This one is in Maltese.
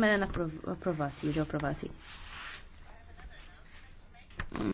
Mela napprovati, jiġu approvati.